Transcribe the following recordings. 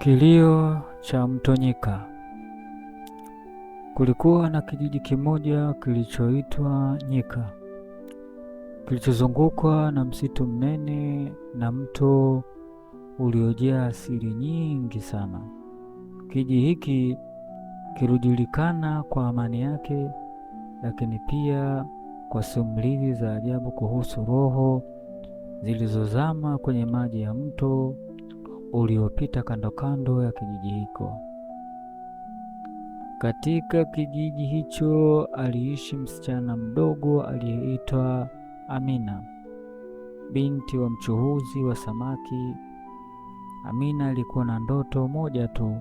Kilio cha Mtonyika. Kulikuwa na kijiji kimoja kilichoitwa Nyika, kilichozungukwa na msitu mnene na mto uliojaa asili nyingi sana. Kijiji hiki kilijulikana kwa amani yake, lakini pia kwa simulizi za ajabu kuhusu roho zilizozama kwenye maji ya mto uliopita kando kando ya kijiji hiko Katika kijiji hicho aliishi msichana mdogo aliyeitwa Amina, binti wa mchuhuzi wa samaki. Amina alikuwa na ndoto moja tu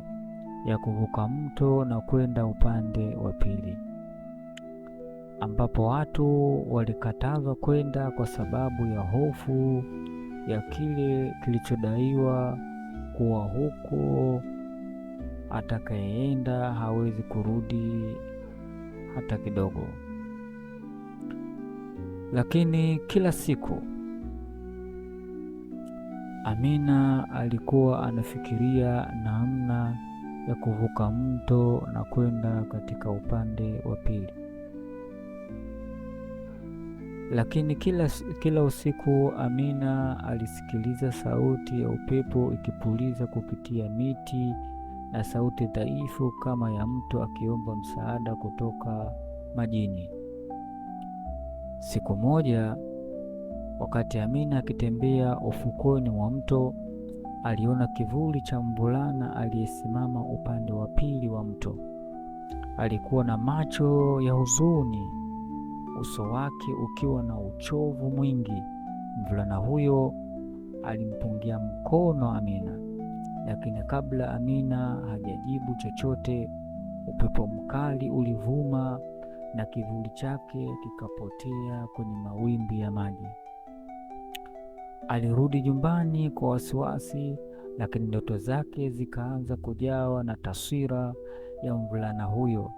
ya kuvuka mto na kwenda upande wa pili, ambapo watu walikatazwa kwenda kwa sababu ya hofu ya kile kilichodaiwa kuwa huko atakayeenda hawezi kurudi hata kidogo. Lakini kila siku Amina alikuwa anafikiria namna ya kuvuka mto na kwenda katika upande wa pili. Lakini kila, kila usiku Amina alisikiliza sauti ya upepo ikipuliza kupitia miti na sauti dhaifu kama ya mtu akiomba msaada kutoka majini. Siku moja, wakati Amina akitembea ufukoni mwa mto, aliona kivuli cha mvulana aliyesimama upande wa pili wa mto. Alikuwa na macho ya huzuni uso wake ukiwa na uchovu mwingi. Mvulana huyo alimpungia mkono Amina, lakini kabla Amina hajajibu chochote, upepo mkali ulivuma na kivuli chake kikapotea kwenye mawimbi ya maji. Alirudi nyumbani kwa wasiwasi, lakini ndoto zake zikaanza kujawa na taswira ya mvulana huyo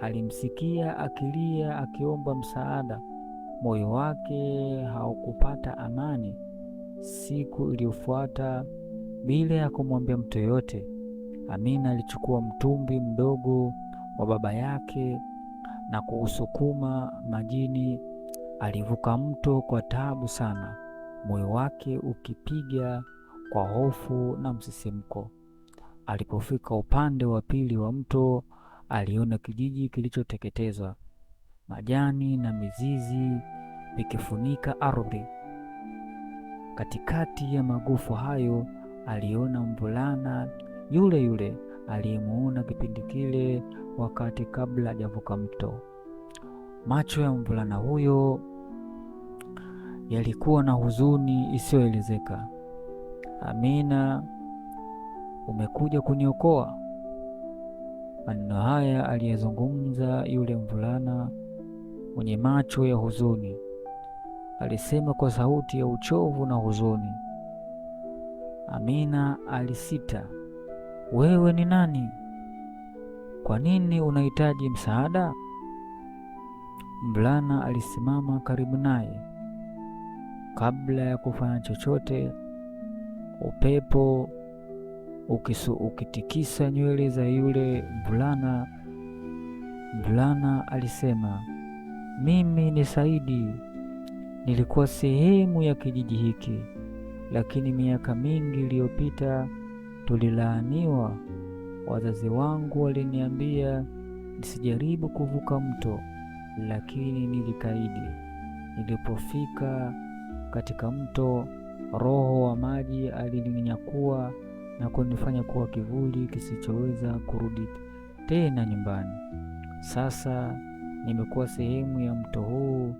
Alimsikia akilia akiomba msaada, moyo wake haukupata amani. Siku iliyofuata, bila ya kumwambia mtu yoyote, Amina alichukua mtumbi mdogo wa baba yake na kuusukuma majini. Alivuka mto kwa taabu sana, moyo wake ukipiga kwa hofu na msisimko. Alipofika upande wa pili wa mto, aliona kijiji kilichoteketezwa, majani na mizizi vikifunika ardhi. Katikati ya magofu hayo aliona mvulana yule yule aliyemuona kipindi kile wakati kabla hajavuka mto. Macho ya mvulana huyo yalikuwa na huzuni isiyoelezeka. Amina, umekuja kuniokoa, Maneno haya aliyezungumza yule mvulana mwenye macho ya huzuni, alisema kwa sauti ya uchovu na huzuni. Amina alisita. Wewe ni nani? Kwa nini unahitaji msaada? Mvulana alisimama karibu naye. Kabla ya kufanya chochote, upepo ukisu, ukitikisa nywele za yule mvulana. Mvulana alisema, mimi ni Saidi, nilikuwa sehemu ya kijiji hiki, lakini miaka mingi iliyopita tulilaaniwa. Wazazi wangu waliniambia nisijaribu kuvuka mto, lakini nilikaidi. Nilipofika katika mto, roho wa maji alininyakua na kunifanya kuwa kivuli kisichoweza kurudi tena nyumbani. Sasa nimekuwa sehemu ya mto huu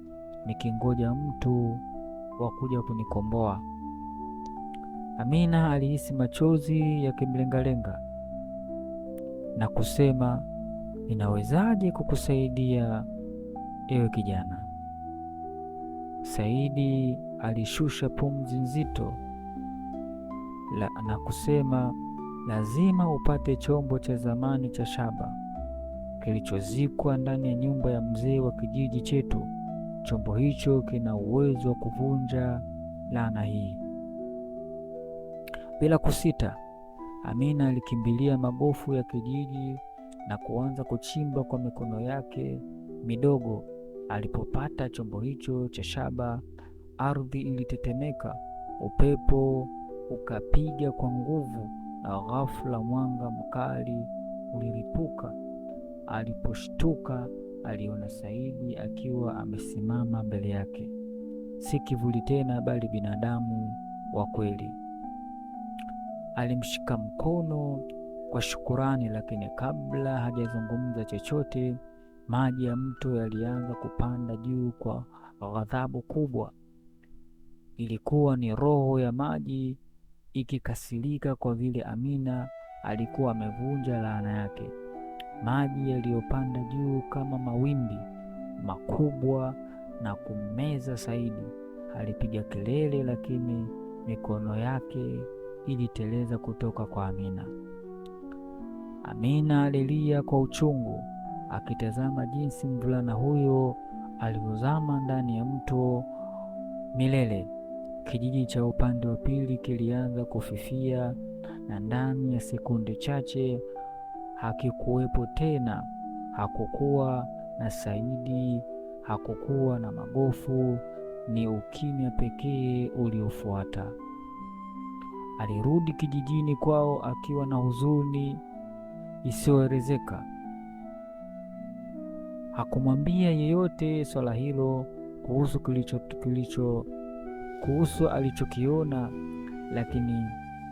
nikingoja mtu wa kuja kunikomboa. Amina alihisi machozi yakimlengalenga na kusema, ninawezaje kukusaidia ewe kijana? Saidi alishusha pumzi nzito la, na kusema lazima upate chombo cha zamani cha shaba kilichozikwa ndani ya nyumba ya mzee wa kijiji chetu. Chombo hicho kina uwezo wa kuvunja laana hii. Bila kusita, Amina alikimbilia magofu ya kijiji na kuanza kuchimba kwa mikono yake midogo. Alipopata chombo hicho cha shaba, ardhi ilitetemeka, upepo ukapiga kwa nguvu, na ghafula mwanga mkali ulilipuka. Aliposhtuka aliona Saidi akiwa amesimama mbele yake, si kivuli tena, bali binadamu wa kweli. Alimshika mkono kwa shukurani, lakini kabla hajazungumza chochote, maji ya mto yalianza kupanda juu kwa ghadhabu kubwa. Ilikuwa ni roho ya maji ikikasirika kwa vile Amina alikuwa amevunja laana yake. Maji yaliyopanda juu kama mawimbi makubwa na kummeza Saidi. Alipiga kelele, lakini mikono yake iliteleza kutoka kwa Amina. Amina alilia kwa uchungu, akitazama jinsi mvulana huyo alivyozama ndani ya mto milele. Kijiji cha upande wa pili kilianza kufifia na ndani ya sekunde chache hakikuwepo tena. Hakukuwa na Saidi, hakukuwa na magofu, ni ukimya pekee uliofuata. Alirudi kijijini kwao akiwa na huzuni isiyoelezeka. Hakumwambia yeyote swala hilo kuhusu kilicho kilicho kuhusu alichokiona, lakini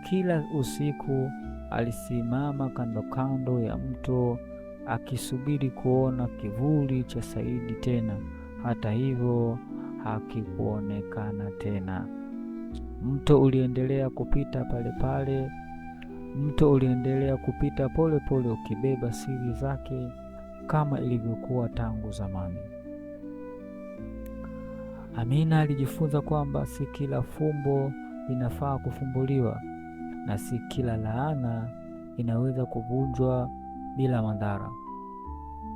kila usiku alisimama kando kando ya mto akisubiri kuona kivuli cha Saidi tena. Hata hivyo hakikuonekana tena. Mto uliendelea kupita pale pale, mto uliendelea kupita polepole pole, ukibeba siri zake kama ilivyokuwa tangu zamani. Amina alijifunza kwamba si kila fumbo linafaa kufumbuliwa na si kila laana inaweza kuvunjwa bila madhara.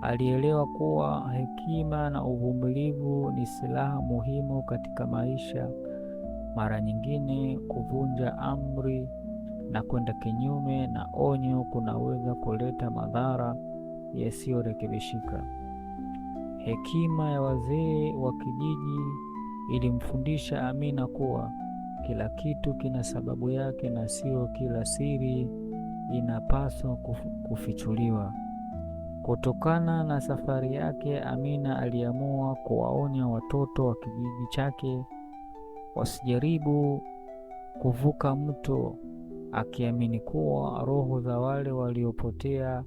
Alielewa kuwa hekima na uvumilivu ni silaha muhimu katika maisha. Mara nyingine kuvunja amri na kwenda kinyume na onyo kunaweza kuleta madhara yasiyorekebishika. Hekima ya wazee wa kijiji Ilimfundisha Amina kuwa kila kitu kina sababu yake na sio kila siri inapaswa kufichuliwa. Kutokana na safari yake, Amina aliamua kuwaonya watoto wa kijiji chake wasijaribu kuvuka mto, akiamini kuwa roho za wale waliopotea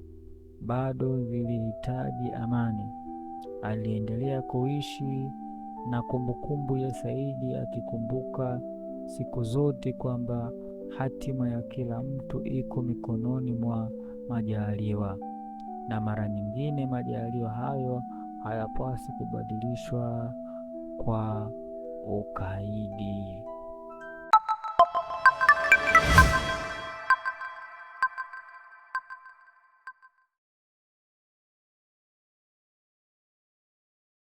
bado zilihitaji amani. Aliendelea kuishi na kumbukumbu ya Saidi, akikumbuka siku zote kwamba hatima ya kila mtu iko mikononi mwa majaliwa, na mara nyingine majaliwa hayo hayapasi kubadilishwa kwa ukaidi.